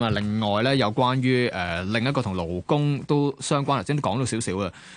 咁啊，另外咧，有關於誒、呃，另一個同勞工都相關，頭先都講到少少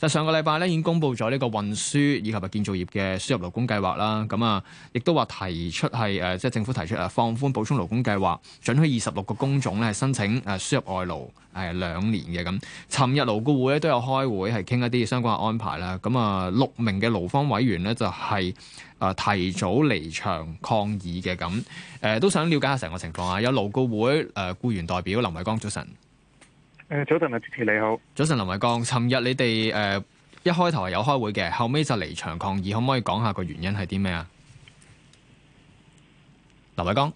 就是、上個禮拜咧，已經公佈咗呢個運輸以及建造業嘅輸入勞工計劃啦。咁啊，亦都話提出係誒，即、呃、係政府提出放寬補充勞工計劃，准許二十六個工種咧係申請誒輸入外勞誒兩年嘅。咁，尋日勞顧會咧都有開會，係傾一啲相關嘅安排啦。咁啊，六名嘅勞方委員呢就係、是。啊！提早離場抗議嘅，咁、呃，都想了解下成個情況啊！有勞顧會誒、呃、僱員代表林偉江早晨。誒早晨啊，主持你好。早晨，林偉江，尋日你哋誒、呃、一開頭係有開會嘅，後尾就離場抗議，可唔可以講下個原因係啲咩啊？林偉江，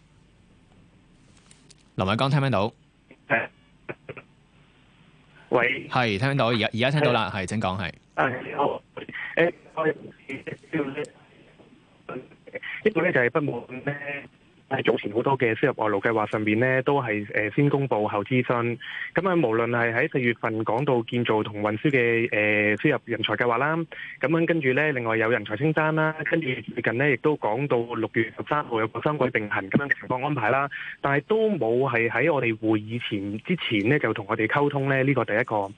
林偉江聽唔聽到？聽到喂，係聽到，而家而家聽到啦，係請講係。你好，呢個呢就係不滿係早前好多嘅輸入外勞計劃上邊咧，都係誒先公佈後諮詢。咁啊，無論係喺四月份講到建造同運輸嘅誒輸入人才計劃啦，咁樣跟住咧，另外有人才清單啦，跟住最近咧亦都講到六月十三號有個三個定行咁樣嘅情況安排啦。但係都冇係喺我哋會議前之前咧，就同我哋溝通咧。呢個第一個，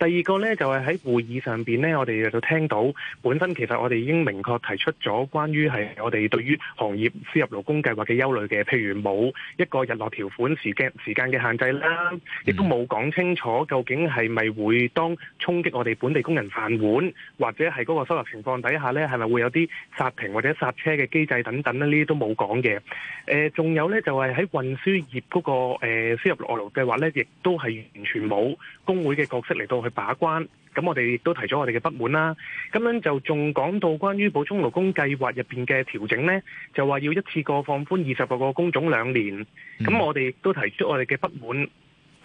第二個咧就係喺會議上邊咧，我哋就聽到本身其實我哋已經明確提出咗關於係我哋對於行業輸入勞工計劃嘅憂慮。嘅，譬如冇一個日落條款時間時間嘅限制啦，亦都冇講清楚究竟係咪會當衝擊我哋本地工人飯碗，或者係嗰個收入情況底下呢，係咪會有啲煞停或者煞車嘅機制等等呢？呢啲都冇講嘅。誒，仲有呢，就係喺運輸業嗰個誒輸入外勞計劃呢，亦都係完全冇工會嘅角色嚟到去把關。咁我哋亦都提咗我哋嘅不滿啦，咁樣就仲講到關於補充勞工計劃入邊嘅調整咧，就話要一次過放寬二十個個工種兩年，咁我哋都提出我哋嘅不滿，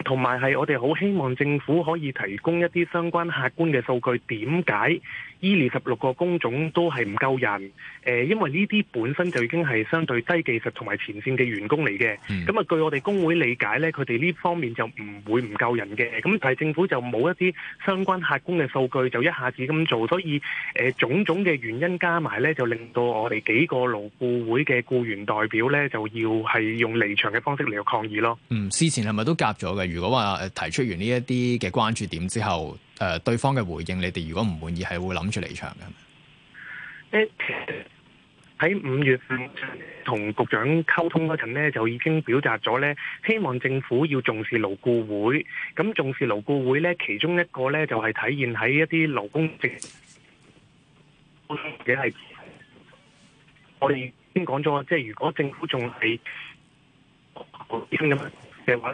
同埋係我哋好希望政府可以提供一啲相關客觀嘅數據，點解？為什麼依二十六個工種都係唔夠人，誒、呃，因為呢啲本身就已經係相對低技術同埋前線嘅員工嚟嘅。咁、嗯、啊，據我哋工會理解呢佢哋呢方面就唔會唔夠人嘅。咁但係政府就冇一啲相關客觀嘅數據，就一下子咁做，所以誒、呃，種種嘅原因加埋呢，就令到我哋幾個勞顧會嘅僱員代表呢，就要係用離場嘅方式嚟到抗議咯。嗯，事前係咪都夾咗嘅？如果話提出完呢一啲嘅關注點之後。誒、呃，對方嘅回應，你哋如果唔滿意，係會諗住離場嘅。誒，喺五月份同局長溝通嗰陣呢，就已經表達咗呢：希望政府要重視勞顧會。咁重視勞顧會呢，其中一個呢，就係、是、體現喺一啲勞工政，或者係我哋已經講咗，即係如果政府仲係，咁樣嘅話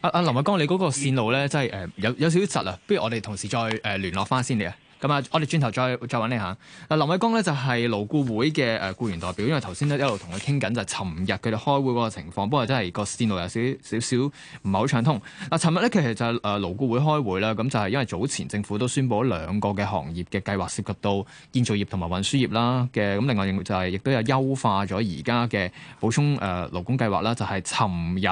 啊啊，林偉江，你嗰個線路咧，真係誒有有少少窒啊，不如我哋同時再誒呃聯絡翻先嚟啊。咁啊！我哋轉頭再再搵你下。嗱，林偉江咧就係、是、勞顧會嘅誒僱員代表，因為頭先咧一路同佢傾緊就係尋日佢哋開會嗰個情況，不過真係個線路有少少少唔係好暢通。嗱，尋日咧其實就係、是、誒、呃、勞顧會開會啦，咁就係因為早前政府都宣布咗兩個嘅行業嘅計劃涉及到建造業同埋運輸業啦嘅，咁另外就係、是、亦都有優化咗而家嘅補充誒、呃、勞工計劃啦，就係尋日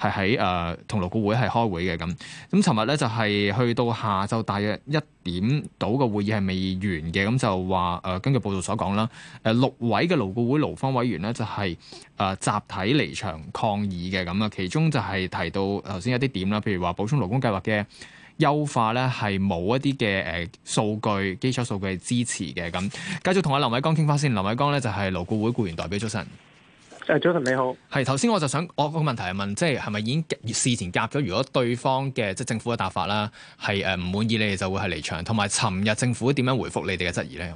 係喺同勞顧會係開會嘅咁。咁尋日咧就係、是、去到下晝大約一點到嘅會議係未完嘅，咁就話、呃、根據報道所講啦，六位嘅勞顧會勞方委員呢，就係、是呃、集體離場抗議嘅咁啊，其中就係提到頭先有啲點啦，譬如話補充勞工計劃嘅優化咧係冇一啲嘅誒數據基礎數據支持嘅咁，繼續同阿林偉江傾翻先，林偉江咧就係、是、勞顧會僱員代表出身。誒，早晨你好。係，頭先我就想，我個問題係問，即係係咪已經事前夾咗？如果對方嘅即係政府嘅答法啦，係誒唔滿意你哋就會係離場。同埋，尋日政府點樣回覆你哋嘅質疑咧？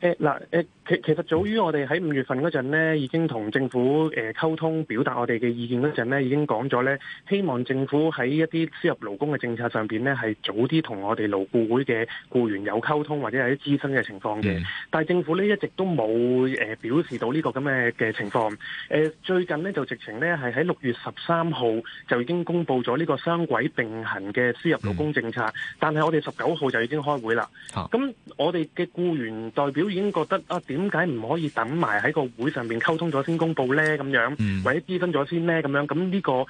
誒，嗱，誒，其其實早於我哋喺五月份嗰陣呢，已經同政府誒溝通，表達我哋嘅意見嗰陣呢，已經講咗呢，希望政府喺一啲輸入勞工嘅政策上邊呢，係早啲同我哋勞顧會嘅僱員有溝通，或者係啲諮詢嘅情況嘅。Yeah. 但係政府呢，一直都冇誒、呃、表示到呢個咁嘅嘅情況。誒、呃，最近呢，就直情呢，係喺六月十三號就已經公佈咗呢個雙軌並行嘅輸入勞工政策，mm. 但係我哋十九號就已經開會啦。咁我哋嘅僱員代表。都已經覺得啊，點解唔可以等埋喺個會上面溝通咗先公佈咧？咁樣或者啲分咗先咧？咁樣咁呢個誒，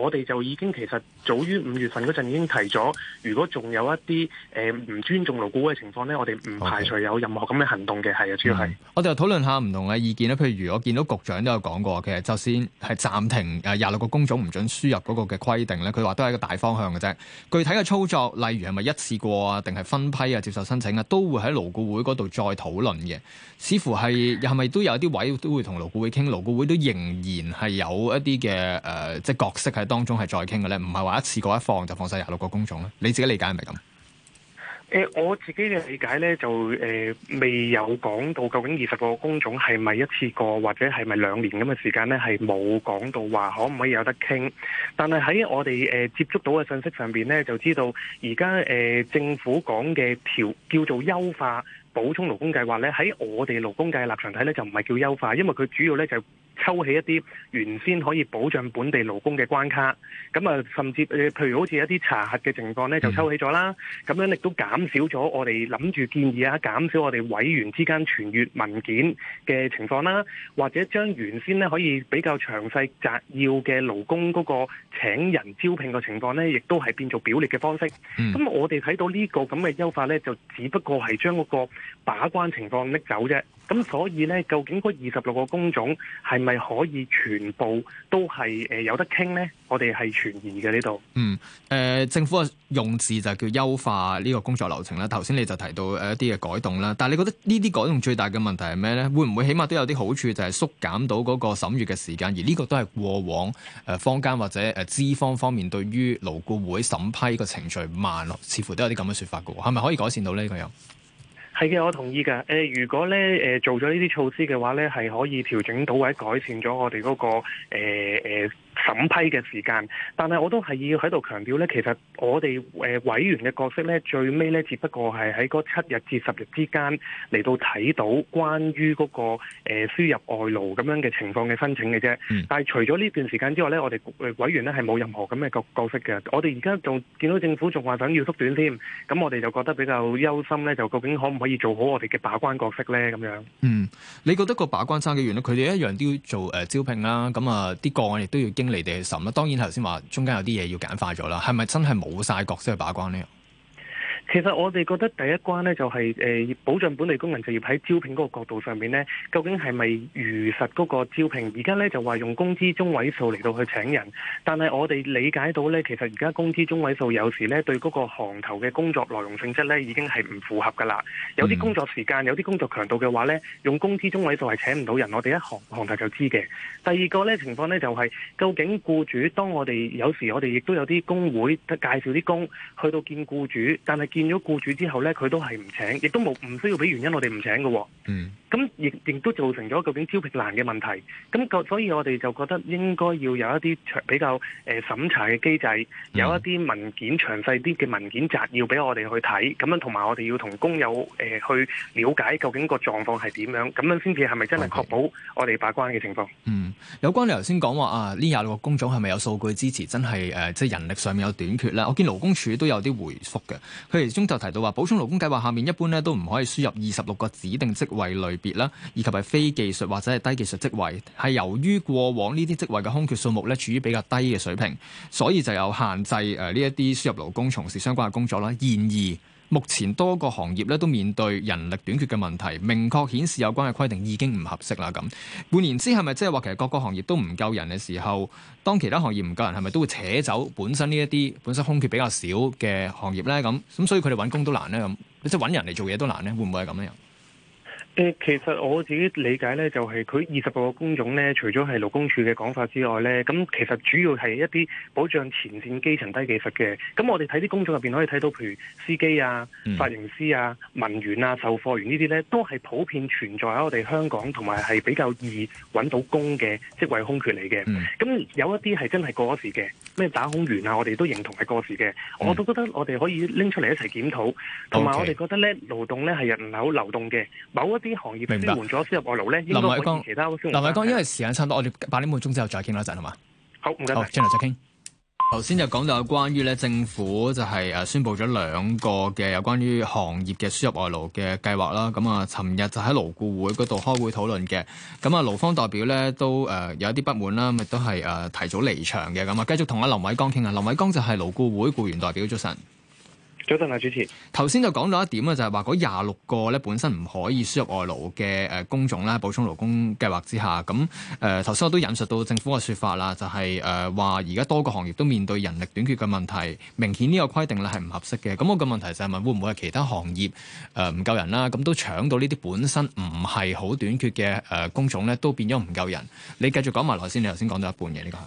我哋就已經其實早於五月份嗰陣已經提咗，如果仲有一啲誒唔尊重勞顧會嘅情況咧，我哋唔排除有任何咁嘅行動嘅，係啊，主要係我哋又討論下唔同嘅意見啦。譬如我見到局長都有講過，其實就先係暫停誒廿六個工種唔準輸入嗰個嘅規定咧，佢話都係一個大方向嘅啫。具體嘅操作，例如係咪一次過啊，定係分批啊接受申請啊，都會喺勞顧會嗰度再討論嘅似乎係係咪都有啲位都會同勞顧會傾，勞顧會都仍然係有一啲嘅，誒即係角色喺當中係再傾嘅咧，唔係話一次過一放就放晒廿六個工種咧。你自己理解係咪咁？誒、呃、我自己嘅理解咧，就誒未、呃、有講到究竟二十個工種係咪一次過或者係咪兩年咁嘅時間咧，係冇講到話可唔可以有得傾，但係喺我哋誒、呃、接觸到嘅信息上邊咧，就知道而家誒政府講嘅調叫做優化。補充勞工計劃咧，喺我哋勞工界立場睇咧，就唔係叫優化，因為佢主要咧就係，抽起一啲原先可以保障本地勞工嘅關卡，咁啊，甚至誒，譬如好似一啲查核嘅情況咧，就抽起咗啦。咁樣亦都減少咗我哋諗住建議啊，減少我哋委員之間傳閱文件嘅情況啦，或者將原先咧可以比較詳細摘要嘅勞工嗰個請人招聘嘅情況咧，亦都係變做表列嘅方式。咁、mm. 我哋睇到呢個咁嘅優化咧，就只不過係將嗰個把關情況拎走啫。咁所以咧，究竟嗰二十六個工種係咪？係可以全部都係誒、呃、有得傾呢。我哋係存疑嘅呢度。嗯，誒、呃、政府嘅用字就叫優化呢、呢個工作流程啦。頭先你就提到誒一啲嘅改動啦，但係你覺得呢啲改動最大嘅問題係咩呢？會唔會起碼都有啲好處，就係、是、縮減到嗰個審閱嘅時間？而呢個都係過往誒坊間或者誒資方方面對於勞顧會審批個程序慢落，似乎都有啲咁嘅説法嘅喎。係咪可以改善到呢個樣？係嘅，我同意㗎。誒、呃，如果咧誒、呃、做咗呢啲措施嘅話呢，咧，係可以調整到位改善咗我哋嗰、那個誒、呃呃審批嘅時間，但係我都係要喺度強調咧，其實我哋誒委員嘅角色咧，最尾咧，只不過係喺嗰七日至十日之間嚟到睇到關於嗰個誒輸入外勞咁樣嘅情況嘅申請嘅啫、嗯。但係除咗呢段時間之外咧，我哋委員咧係冇任何咁嘅角角色嘅。我哋而家仲見到政府仲話想要縮短添，咁我哋就覺得比較憂心咧，就究竟可唔可以做好我哋嘅把關角色咧？咁樣嗯，你覺得個把關差嘅員咧，佢哋一樣都要做誒、呃、招聘啦，咁啊啲個案亦都要。你哋去審啦，當然頭先話中間有啲嘢要簡化咗喇，係咪真係冇晒角色去把關呢？其實我哋覺得第一關呢，就係誒保障本地工人就業喺招聘嗰個角度上面呢，究竟係咪如實嗰個招聘？而家呢，就話用工資中位數嚟到去請人，但係我哋理解到呢，其實而家工資中位數有時呢對嗰個行頭嘅工作內容性質呢，已經係唔符合㗎啦。有啲工作時間，有啲工作強度嘅話呢，用工資中位數係請唔到人。我哋一行行頭就知嘅。第二個呢情況呢，就係，究竟僱主當我哋有時我哋亦都有啲工會介紹啲工去到見僱主，但係見變咗僱主之後呢，佢都係唔請，亦都冇唔需要俾原因，我哋唔請嘅。嗯。咁亦亦都造成咗究竟招聘難嘅問題。咁，所以我哋就覺得應該要有一啲比較誒審查嘅機制，嗯、有一啲文件詳細啲嘅文件摘要俾我哋去睇。咁樣同埋我哋要同工友誒去了解究竟個狀況係點樣，咁樣先至係咪真係確保我哋把關嘅情況？嗯。有關你頭先講話啊，呢廿六個工種係咪有數據支持真係誒、呃，即係人力上面有短缺咧？我見勞工處都有啲回覆嘅，其中就提到話，補充勞工計劃下面一般咧都唔可以輸入二十六個指定職位類別啦，以及係非技術或者係低技術職位，係由於過往呢啲職位嘅空缺數目咧處於比較低嘅水平，所以就有限制誒呢一啲輸入勞工從事相關嘅工作啦。然而。目前多個行業咧都面對人力短缺嘅問題，明確顯示有關嘅規定已經唔合適啦。咁換言之，係咪即係話其實各個行業都唔夠人嘅時候，當其他行業唔夠人，係咪都會扯走本身呢一啲本身空缺比較少嘅行業咧？咁咁所以佢哋揾工都難咧，咁即係揾人嚟做嘢都難咧，會唔會係咁樣？誒、呃，其實我自己理解咧，就係佢二十個工種咧，除咗係勞工處嘅講法之外咧，咁其實主要係一啲保障前線基層低技術嘅。咁我哋睇啲工種入邊可以睇到，譬如司機啊、髮型師啊、文員啊、售貨員這些呢啲咧，都係普遍存在喺我哋香港，同埋係比較易揾到工嘅職位空缺嚟嘅。咁、嗯、有一啲係真係過咗時嘅，咩打孔員啊，我哋都認同係過時嘅。嗯、我都覺得我哋可以拎出嚟一齊檢討，同、okay. 埋我哋覺得咧，勞動咧係人口流動嘅，某一啲行業啲門輸入外勞咧，應該其他。林偉江，啊、林偉江，因為時間差唔多，我哋八點半鐘之後再傾啦。陣，好嘛？好，唔該。好，轉頭再傾。頭先就講到關於咧政府就係誒宣布咗兩個嘅有關於行業嘅輸入外勞嘅計劃啦。咁啊，尋日就喺勞顧會嗰度開會討論嘅。咁啊，勞方代表咧都誒、呃、有一啲不滿啦，咪都係誒、呃、提早離場嘅。咁啊，繼續同阿林偉江傾啊。林偉江就係勞顧會僱員代表，早晨。早晨啊，主持。頭先就講到一點啊，就係話嗰廿六個咧本身唔可以輸入外勞嘅誒工種咧，補充勞工計劃之下，咁誒頭先我都引述到政府嘅説法啦，就係誒話而家多個行業都面對人力短缺嘅問題，明顯呢個規定咧係唔合適嘅。咁我嘅問題就係問會唔會係其他行業誒唔夠人啦？咁都搶到呢啲本身唔係好短缺嘅誒工種咧，都變咗唔夠人。你繼續講埋落先，你頭先講到一半嘅呢個。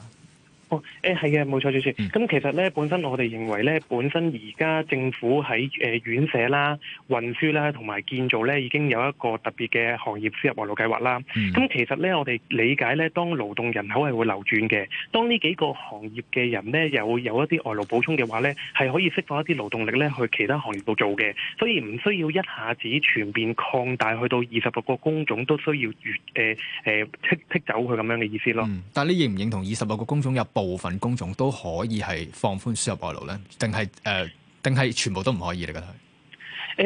哦，誒係嘅，冇錯，主、嗯、咁其實咧，本身我哋認為咧，本身而家政府喺誒、呃、院舍啦、運輸啦、同埋建造咧，已經有一個特別嘅行業輸入外勞計劃啦。咁、嗯、其實咧，我哋理解咧，當勞動人口係會流轉嘅，當呢幾個行業嘅人咧，有有一啲外勞補充嘅話咧，係可以釋放一啲勞動力咧去其他行業度做嘅，所以唔需要一下子全面擴大去到二十六個工種都需要越誒誒剔剔走佢咁樣嘅意思咯、嗯。但係你認唔認同二十六個工種入步？部分工種都可以係放寬輸入外勞咧，定係誒？定、呃、係全部都唔可以？你、呃、覺得？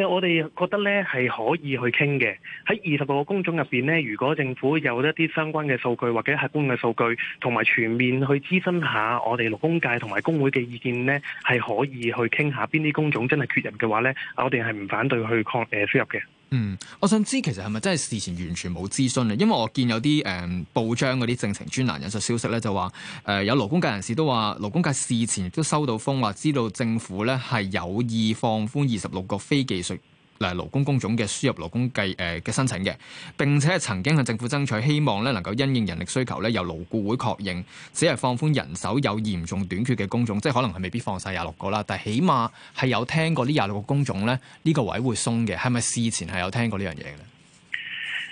誒，我哋覺得咧係可以去傾嘅。喺二十個工種入邊咧，如果政府有一啲相關嘅數據或者客觀嘅數據，同埋全面去諮詢下我哋勞工界同埋工會嘅意見呢，係可以去傾下邊啲工種真係缺人嘅話呢，我哋係唔反對去擴誒、呃、輸入嘅。嗯，我想知其實係咪真係事前完全冇諮詢啊？因為我見有啲誒、嗯、報章嗰啲政情專欄引述消息咧，就話誒有勞工界人士都話，勞工界事前都收到風話，知道政府咧係有意放寬二十六個非技術。嗱，勞工工種嘅輸入勞工計誒嘅、呃、申請嘅，並且曾經向政府爭取，希望咧能夠因應人力需求咧，由勞顧會確認，只係放寬人手有嚴重短缺嘅工種，即係可能係未必放晒廿六個啦，但係起碼係有聽過呢廿六個工種咧，呢、個位會鬆嘅，係咪事前係有聽過呢樣嘢咧？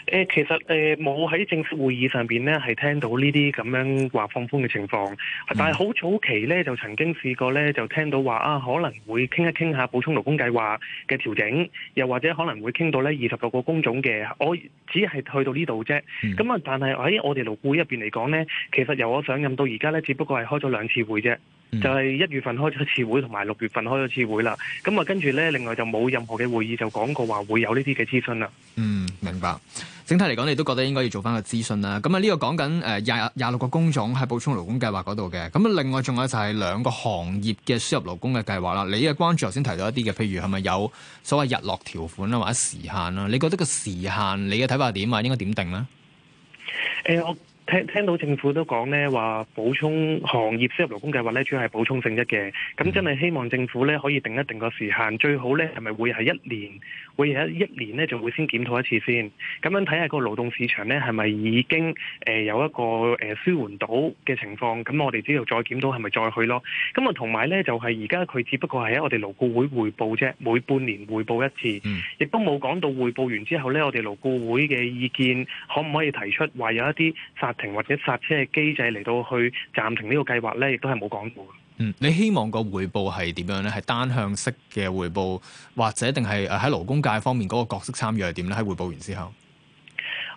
誒其實誒冇喺正式會議上邊咧，係聽到呢啲咁樣話放寬嘅情況。但係好早期咧，就曾經試過咧，就聽到話啊，可能會傾一傾下補充勞工計劃嘅調整，又或者可能會傾到呢二十六個工種嘅。我只係去到呢度啫。咁、嗯、啊，但係喺我哋勞顧會入邊嚟講咧，其實由我上任到而家咧，只不過係開咗兩次會啫。嗯、就係、是、一月份開咗一次會，同埋六月份開咗次會啦。咁、嗯、啊，跟住咧，另外就冇任何嘅會議就講過話會有呢啲嘅諮詢啦。嗯，明白。整體嚟講，你都覺得應該要做返個諮詢啦。咁啊，呢個講緊誒廿廿六個工種喺補充勞工計劃嗰度嘅。咁啊，另外仲有就係兩個行業嘅輸入勞工嘅計劃啦。你嘅關注頭先提到一啲嘅，譬如係咪有所謂日落條款啊，或者時限啦、啊？你覺得個時限你嘅睇法點啊？應該點定呢？誒、欸、我。聽聽到政府都講咧，話補充行業輸入勞工計劃咧，主要係補充性質嘅。咁真係希望政府咧可以定一定個時限，最好咧係咪會係一年？會喺一年咧就會先檢討一次先，咁樣睇下個勞動市場咧係咪已經誒、呃、有一個誒、呃、舒緩到嘅情況？咁我哋之後再檢討係咪再去咯？咁啊同埋咧就係而家佢只不過係喺我哋勞顧會匯報啫，每半年匯報一次，亦都冇講到匯報完之後咧，我哋勞顧會嘅意見可唔可以提出話有一啲發停或者剎車嘅機制嚟到去暫停這個計劃，呢個計劃咧亦都係冇講過。嗯，你希望個回報係點樣呢？係單向式嘅回報，或者定係喺勞工界方面 𠮶 個角色參與係點咧？喺匯報完之後，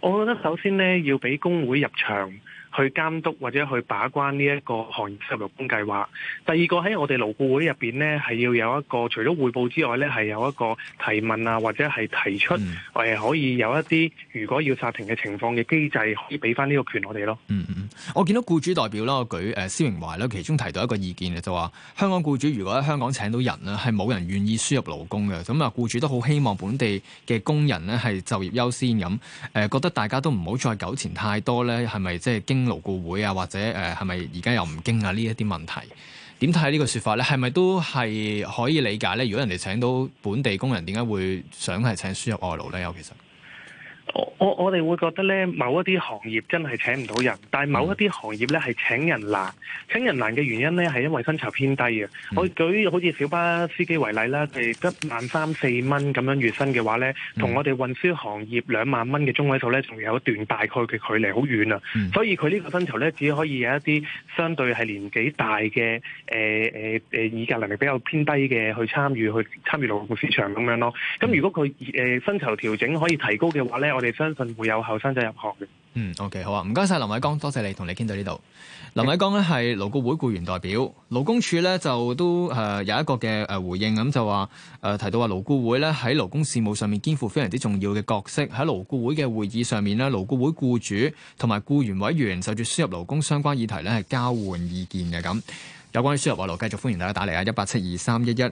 我覺得首先咧要俾工會入場。去監督或者去把關呢一個行業十六工計劃。第二個喺我哋勞顧會入邊呢，係要有一個除咗匯報之外呢，係有一個提問啊，或者係提出，係可以有一啲如果要煞停嘅情況嘅機制，可以俾翻呢個權我哋咯。嗯嗯。我見到僱主代表啦，我舉誒施榮懷啦，其中提到一個意見嘅就話，香港僱主如果喺香港請到人啦，係冇人願意輸入勞工嘅。咁啊，僱主都好希望本地嘅工人咧係就業優先咁。誒，覺得大家都唔好再糾纏太多咧，係咪即係經勞顧會啊，或者誒係咪而家又唔經啊呢一啲問題？點睇呢個説法咧？係咪都係可以理解咧？如果人哋請到本地工人，點解會想係請輸入外勞咧？有其實？我我哋會覺得咧，某一啲行業真係請唔到人，但係某一啲行業咧係請人難。請人難嘅原因咧係因為薪酬偏低啊、嗯！我舉好似小巴司機為例啦，係得萬三四蚊咁樣月薪嘅話咧，同我哋運輸行業兩萬蚊嘅中位數咧，仲有一段大概嘅距離好遠啊！所以佢呢個薪酬咧，只可以有一啲相對係年紀大嘅，誒誒誒，議、呃、價能力比較偏低嘅去參與去參與勞動市場咁樣咯。咁如果佢誒薪酬調整可以提高嘅話咧，我哋相信會有後生仔入行嘅。嗯，OK，好啊，唔該晒林偉江，多謝你同你傾到呢度。林偉江咧係勞顧會僱員代表，勞工處咧就都誒有一個嘅誒回應，咁就話誒、呃、提到話勞顧會咧喺勞工事務上面肩負非常之重要嘅角色，喺勞顧會嘅會議上面咧，勞顧會僱主同埋僱員委員就住輸入勞工相關議題咧係交換意見嘅咁。有關輸入外勞，繼續歡迎大家打嚟啊，一八七二三一一。